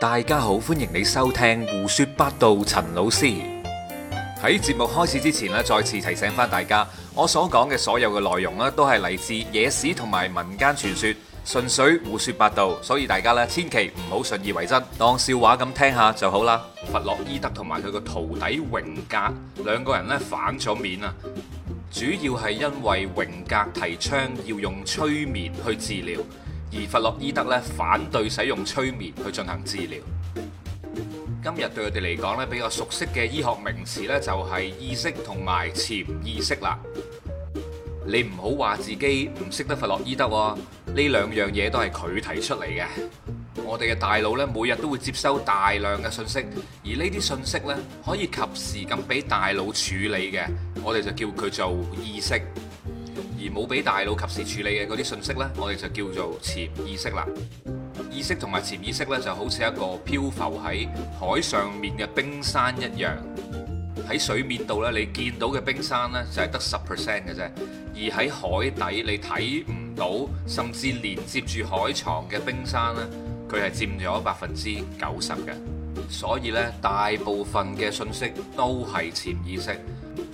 大家好，歡迎你收聽胡說八道。陳老師喺節目開始之前咧，再次提醒翻大家，我所講嘅所有嘅內容咧，都係嚟自野史同埋民間傳說，純粹胡說八道，所以大家咧千祈唔好信以為真，當笑話咁聽下就好啦。弗洛伊德同埋佢個徒弟榮格兩個人咧反咗面啊，主要係因為榮格提倡要用催眠去治療。而弗洛伊德咧，反對使用催眠去進行治療。今日對我哋嚟講咧，比較熟悉嘅醫學名詞咧，就係、是、意識同埋潛意識啦。你唔好話自己唔識得弗洛伊德喎、哦，呢兩樣嘢都係佢提出嚟嘅。我哋嘅大腦咧，每日都會接收大量嘅信息，而呢啲信息咧，可以及時咁俾大腦處理嘅，我哋就叫佢做意識。而冇俾大腦及時處理嘅嗰啲信息呢，我哋就叫做潛意識啦。意識同埋潛意識呢，就好似一個漂浮喺海上面嘅冰山一樣，喺水面度呢，你見到嘅冰山呢，就係得十 percent 嘅啫，而喺海底你睇唔到，甚至連接住海床嘅冰山呢，佢係佔咗百分之九十嘅。所以呢，大部分嘅信息都係潛意識。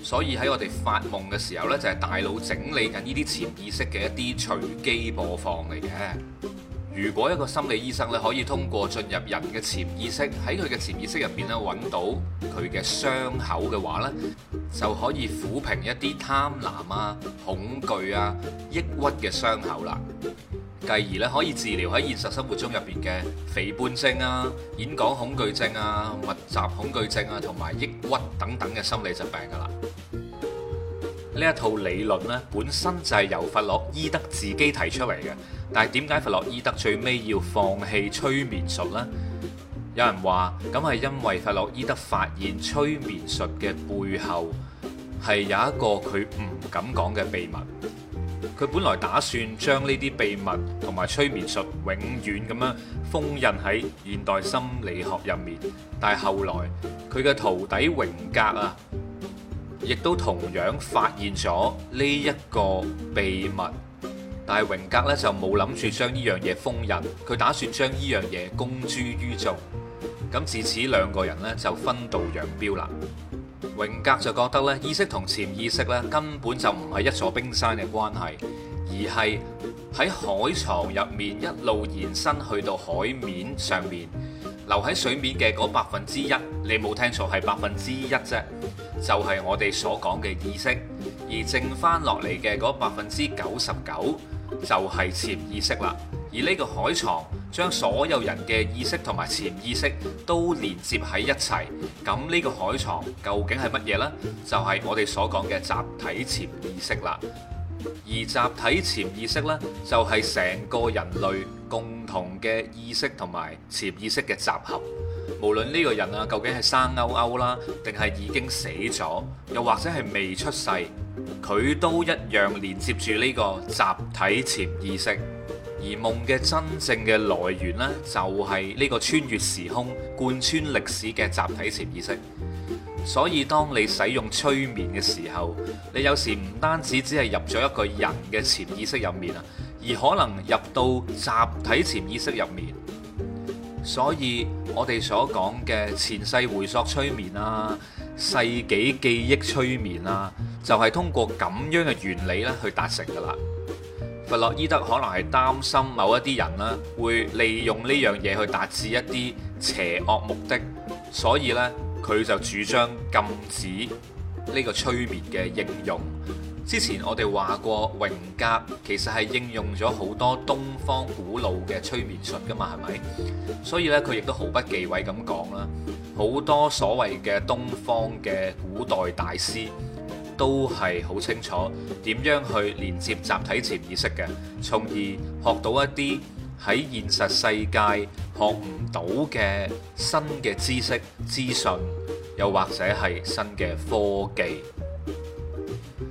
所以喺我哋發夢嘅時候呢，就係大腦整理緊呢啲潛意識嘅一啲隨機播放嚟嘅。如果一個心理醫生，你可以通過進入人嘅潛意識，喺佢嘅潛意識入邊揾到佢嘅傷口嘅話呢，就可以撫平一啲貪婪啊、恐懼啊、抑鬱嘅傷口啦。繼而呢，可以治療喺現實生活中入邊嘅肥胖症啊、演講恐懼症啊、密集恐懼症啊，同埋抑鬱等等嘅心理疾病噶啦。呢一套理論呢，本身就係由弗洛伊德自己提出嚟嘅。但係點解弗洛伊德最尾要放棄催眠術呢？有人話咁係因為弗洛伊德發現催眠術嘅背後係有一個佢唔敢講嘅秘密。佢本來打算將呢啲秘密同埋催眠術永遠咁樣封印喺現代心理學入面，但係後來佢嘅徒弟榮格啊，亦都同樣發現咗呢一個秘密，但係榮格咧就冇諗住將呢樣嘢封印，佢打算將呢樣嘢公諸於眾。咁自此兩個人咧就分道揚鑣啦。榮格就覺得咧意識同潛意識咧根本就唔係一座冰山嘅關係，而係喺海床入面一路延伸去到海面上面。留喺水面嘅嗰百分之一，你冇聽錯，係百分之一啫，就係、是、我哋所講嘅意識，而剩翻落嚟嘅嗰百分之九十九就係、是、潛意識啦。而呢個海床，將所有人嘅意識同埋潛意識都連接喺一齊，咁呢個海床究竟係乜嘢呢？就係、是、我哋所講嘅集體潛意識啦。而集體潛意識呢，就係成個人類共同嘅意識同埋潛意識嘅集合。無論呢個人啊，究竟係生勾勾啦，定係已經死咗，又或者係未出世，佢都一樣連接住呢個集體潛意識。而夢嘅真正嘅來源呢，就係呢個穿越時空、貫穿歷史嘅集體潛意識。所以，當你使用催眠嘅時候，你有時唔單止只係入咗一個人嘅潛意識入面啊，而可能入到集體潛意識入面。所以我哋所講嘅前世回溯催眠啊、世紀記憶催眠啊，就係通過咁樣嘅原理咧去達成噶啦。弗洛伊德可能係擔心某一啲人咧會利用呢樣嘢去達至一啲邪惡目的，所以呢。佢就主張禁止呢個催眠嘅應用。之前我哋話過，榮格其實係應用咗好多東方古老嘅催眠術噶嘛，係咪？所以呢，佢亦都毫不忌諱咁講啦。好多所謂嘅東方嘅古代大師都係好清楚點樣去連接集體潛意識嘅，從而學到一啲喺現實世界學唔到嘅新嘅知識資訊。又或者係新嘅科技，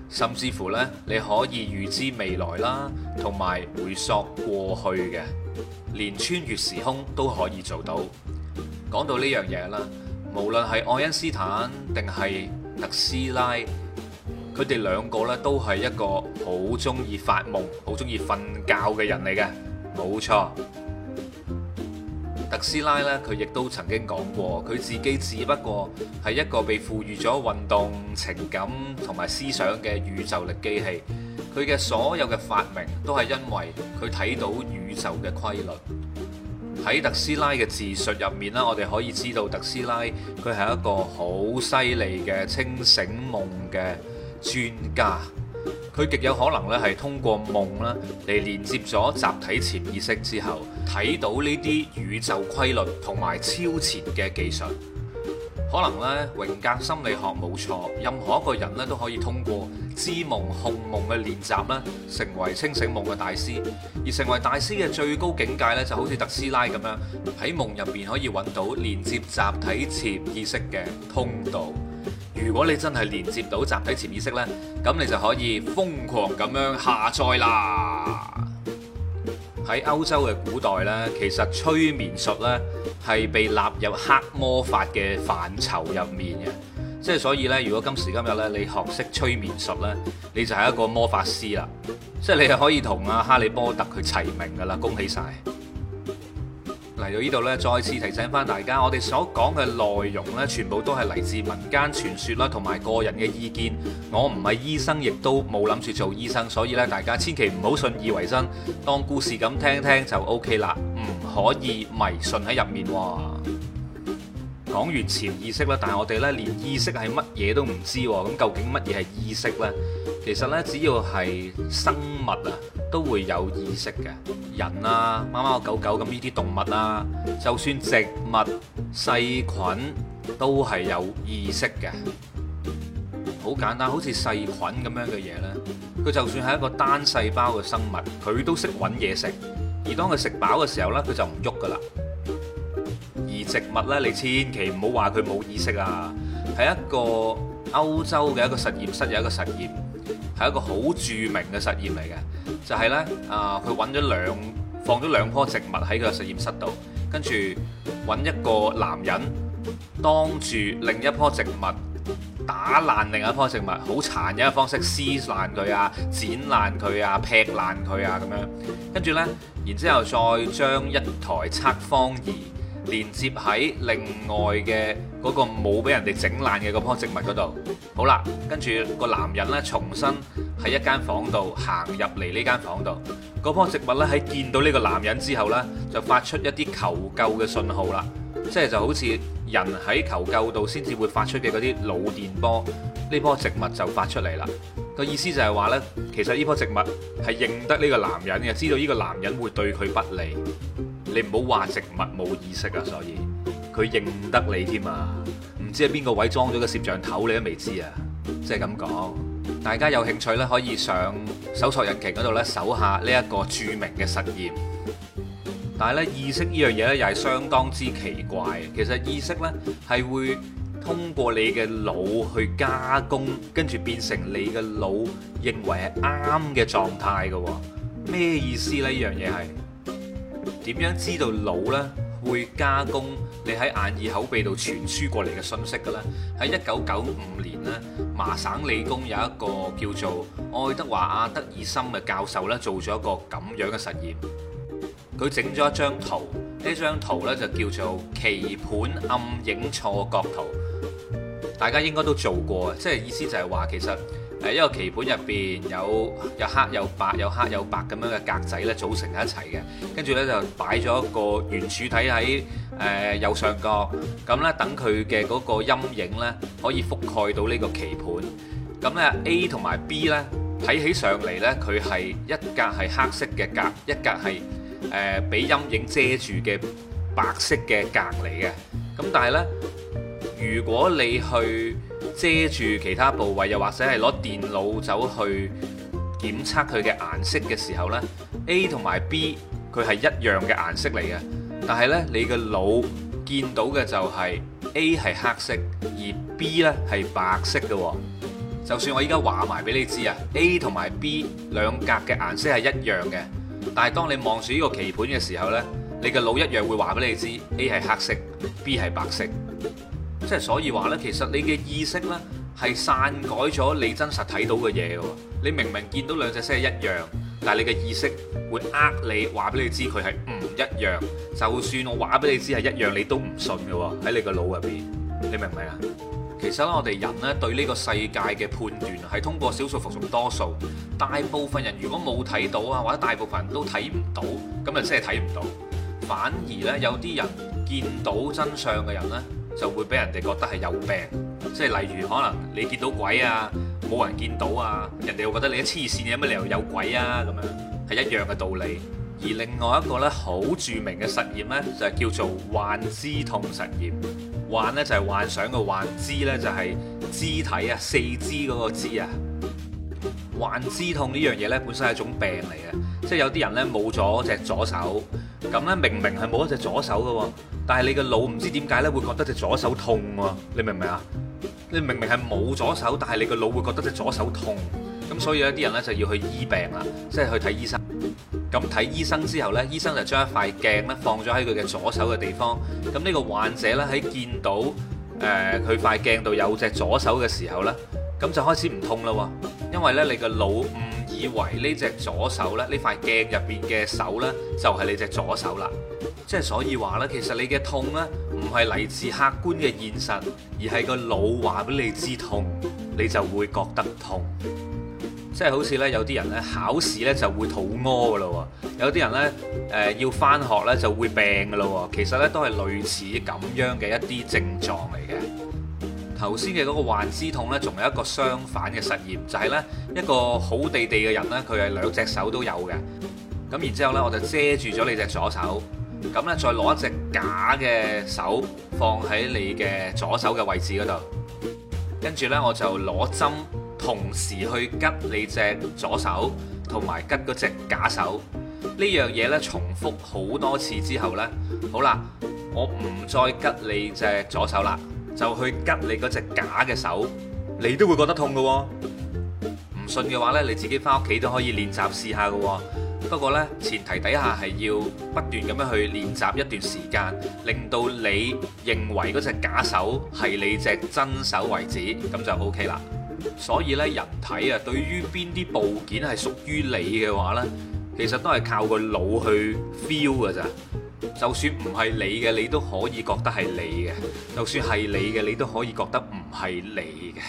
甚至乎呢，你可以預知未來啦，同埋回溯過去嘅，連穿越時空都可以做到。講到呢樣嘢啦，無論係愛因斯坦定係特斯拉，佢哋兩個呢都係一個好中意發夢、好中意瞓覺嘅人嚟嘅，冇錯。特斯拉咧，佢亦都曾經講過，佢自己只不過係一個被賦予咗運動、情感同埋思想嘅宇宙力機器。佢嘅所有嘅發明都係因為佢睇到宇宙嘅規律。喺特斯拉嘅自述入面呢，我哋可以知道特斯拉佢係一個好犀利嘅清醒夢嘅專家。佢極有可能咧係通過夢啦嚟連接咗集體潛意識之後。睇到呢啲宇宙規律同埋超前嘅技術，可能咧榮格心理學冇錯，任何一個人咧都可以通過知夢控夢嘅練習咧，成為清醒夢嘅大師。而成為大師嘅最高境界咧，就好似特斯拉咁樣，喺夢入邊可以揾到連接集體潛意識嘅通道。如果你真係連接到集體潛意識呢，咁你就可以瘋狂咁樣下載啦！喺歐洲嘅古代呢，其實催眠術呢係被納入黑魔法嘅範疇入面嘅，即係所以呢，如果今時今日呢，你學識催眠術呢，你就係一個魔法師啦，即係你係可以同阿哈利波特佢齊名㗎喇，恭喜晒！到呢度呢，再次提醒翻大家，我哋所講嘅內容呢，全部都係嚟自民間傳說啦，同埋個人嘅意見。我唔係醫生，亦都冇諗住做醫生，所以呢，大家千祈唔好信以為真，當故事咁聽聽就 OK 啦，唔可以迷信喺入面喎。講完潛意識啦，但係我哋呢，連意識係乜嘢都唔知喎，咁究竟乜嘢係意識呢？其實呢，只要係生物啊，都會有意識嘅。人啊、貓貓狗狗咁呢啲動物啊，就算植物、細菌都係有意識嘅。好簡單，好似細菌咁樣嘅嘢呢，佢就算係一個單細胞嘅生物，佢都識揾嘢食。而當佢食飽嘅時候呢，佢就唔喐噶啦。而植物呢，你千祈唔好話佢冇意識啊。喺一個歐洲嘅一個實驗室有一個實驗。係一個好著名嘅實驗嚟嘅，就係呢，啊、呃，佢揾咗兩放咗兩棵植物喺佢個實驗室度，跟住揾一個男人當住另一棵植物打爛另一棵植物，好殘忍嘅方式撕爛佢啊、剪爛佢啊、劈爛佢啊咁樣，跟住呢，然之後再將一台測謊儀。連接喺另外嘅嗰個冇俾人哋整爛嘅嗰棵植物嗰度，好啦，跟住個男人呢，重新喺一間房度行入嚟呢間房度，嗰棵植物呢，喺見到呢個男人之後呢，就發出一啲求救嘅信號啦，即係就好似人喺求救度先至會發出嘅嗰啲腦電波，呢棵植物就發出嚟啦。個意思就係話呢，其實呢棵植物係認得呢個男人嘅，知道呢個男人會對佢不利。你唔好話植物冇意識啊，所以佢認得你添啊，唔知係邊個位裝咗個攝像頭，你都未知啊，即係咁講。大家有興趣呢，可以上搜索引擎嗰度呢，搜下呢一個著名嘅實驗。但係呢，意識呢樣嘢呢，又係相當之奇怪。其實意識呢係會通過你嘅腦去加工，跟住變成你嘅腦認為係啱嘅狀態嘅喎。咩意思呢？呢樣嘢係？點樣知道腦咧會加工你喺眼耳口鼻度傳輸過嚟嘅信息嘅咧？喺一九九五年咧，麻省理工有一個叫做愛德華阿德爾森嘅教授咧，做咗一個咁樣嘅實驗。佢整咗一張圖，呢張圖咧就叫做棋盤暗影錯覺圖。大家應該都做過，即係意思就係話，其實。誒，一個棋盤入邊有有黑有白有黑有白咁樣嘅格仔咧，組成喺一齊嘅，跟住咧就擺咗一個圓柱體喺誒右上角，咁咧等佢嘅嗰個陰影咧可以覆蓋到呢個棋盤，咁咧 A 同埋 B 咧睇起上嚟咧佢係一格係黑色嘅格，一格係誒俾陰影遮住嘅白色嘅格嚟嘅，咁但係咧如果你去。遮住其他部位，又或者係攞電腦走去檢測佢嘅顏色嘅時候呢 A 同埋 B 佢係一樣嘅顏色嚟嘅，但係呢，你嘅腦見到嘅就係 A 係黑色，而 B 呢係白色嘅。就算我依家話埋俾你知啊，A 同埋 B 兩格嘅顏色係一樣嘅，但係當你望住呢個棋盤嘅時候呢，你嘅腦一樣會話俾你知 A 係黑色，B 係白色。即係所以話呢，其實你嘅意識呢係篡改咗你真實睇到嘅嘢嘅。你明明見到兩隻色係一樣，但係你嘅意識會呃你話俾你知佢係唔一樣。就算我話俾你知係一樣，你都唔信嘅喎。喺你個腦入邊，你明唔明啊？其實咧，我哋人呢，對呢個世界嘅判斷係通過少數服從多數。大部分人如果冇睇到啊，或者大部分人都睇唔到，咁啊真係睇唔到。反而呢，有啲人見到真相嘅人呢。就會俾人哋覺得係有病，即係例如可能你見到鬼啊，冇人見到啊，人哋會覺得你啲黐線，有乜理由有鬼啊咁樣，係一樣嘅道理。而另外一個呢，好著名嘅實驗呢，就係叫做幻肢痛實驗。幻呢，就係、是、幻想嘅幻肢呢，就係、是、肢體啊，四肢嗰個肢啊。幻肢痛呢樣嘢呢，本身係一種病嚟嘅，即係有啲人呢，冇咗隻左手。咁咧，明明係冇一隻左手㗎，但係你個腦唔知點解咧會覺得隻左手痛喎，你明唔明啊？你明明係冇左手，但係你個腦會覺得隻左手痛，咁所以有啲人咧就要去醫病啦，即係去睇醫生。咁睇醫生之後呢，醫生就將一塊鏡咧放咗喺佢嘅左手嘅地方。咁呢個患者咧喺見到誒佢、呃、塊鏡度有隻左手嘅時候呢，咁就開始唔痛啦喎，因為咧你個腦，以為呢隻左手咧，呢塊鏡入邊嘅手呢就係你隻左手啦。即係所以話呢，其實你嘅痛呢唔係嚟自客觀嘅現實，而係個腦話俾你知痛，你就會覺得痛。即係好似呢，有啲人呢考試呢就會肚屙噶咯，有啲人呢誒要翻學呢就會病噶咯。其實呢都係類似咁樣嘅一啲症狀嚟嘅。頭先嘅嗰個幻肢痛呢，仲有一個相反嘅實驗，就係呢一個好地地嘅人呢，佢係兩隻手都有嘅。咁然之後呢，我就遮住咗你隻左手，咁呢，再攞一隻假嘅手放喺你嘅左手嘅位置嗰度，跟住呢，我就攞針同時去拮你隻左手同埋拮嗰隻假手。呢樣嘢呢，重複好多次之後呢。好啦，我唔再拮你隻左手啦。就去拮你嗰隻假嘅手，你都會覺得痛㗎喎。唔信嘅話呢，你自己返屋企都可以練習試下㗎喎。不過呢，前提底下係要不斷咁樣去練習一段時間，令到你認為嗰隻假手係你隻真手為止，咁就 OK 啦。所以呢，人體啊，對於邊啲部件係屬於你嘅話呢，其實都係靠個腦去 feel 㗎咋。就算唔係你嘅，你都可以覺得係你嘅；就算係你嘅，你都可以覺得唔係你嘅。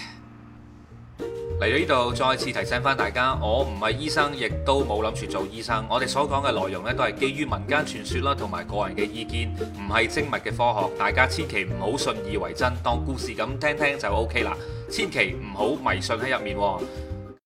嚟到呢度，再一次提醒翻大家，我唔係醫生，亦都冇諗住做醫生。我哋所講嘅內容咧，都係基於民間傳說啦，同埋個人嘅意見，唔係精密嘅科學。大家千祈唔好信以為真，當故事咁聽聽就 OK 啦。千祈唔好迷信喺入面。